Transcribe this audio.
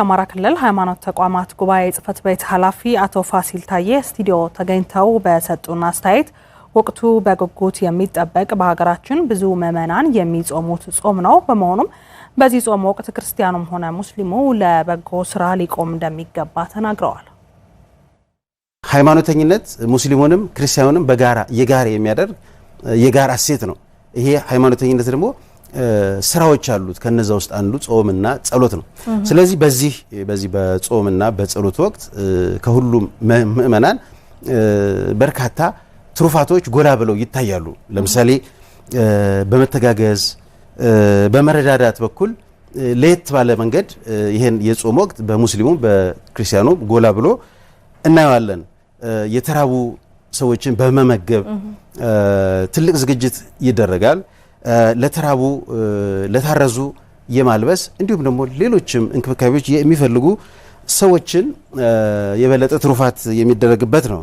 የአማራ ክልል ሃይማኖት ተቋማት ጉባኤ ጽህፈት ቤት ኃላፊ አቶ ፋሲል ታዬ ስቱዲዮ ተገኝተው በሰጡን አስተያየት ወቅቱ በጉጉት የሚጠበቅ በሀገራችን ብዙ ምዕመናን የሚጾሙት ጾም ነው። በመሆኑም በዚህ ጾም ወቅት ክርስቲያኑም ሆነ ሙስሊሙ ለበጎ ስራ ሊቆም እንደሚገባ ተናግረዋል። ሃይማኖተኝነት ሙስሊሙንም ክርስቲያኑንም በጋራ የጋራ የሚያደርግ የጋራ እሴት ነው። ይሄ ሃይማኖተኝነት ደግሞ ስራዎች አሉት። ከነዛ ውስጥ አንዱ ጾምና ጸሎት ነው። ስለዚህ በዚህ በዚህ በጾምና በጸሎት ወቅት ከሁሉም ምእመናን በርካታ ትሩፋቶች ጎላ ብለው ይታያሉ። ለምሳሌ በመተጋገዝ በመረዳዳት በኩል ለየት ባለ መንገድ ይህን የጾም ወቅት በሙስሊሙ በክርስቲያኑ ጎላ ብሎ እናየዋለን። የተራቡ ሰዎችን በመመገብ ትልቅ ዝግጅት ይደረጋል። ለተራቡ ለታረዙ የማልበስ እንዲሁም ደግሞ ሌሎችም እንክብካቤዎች የሚፈልጉ ሰዎችን የበለጠ ትሩፋት የሚደረግበት ነው።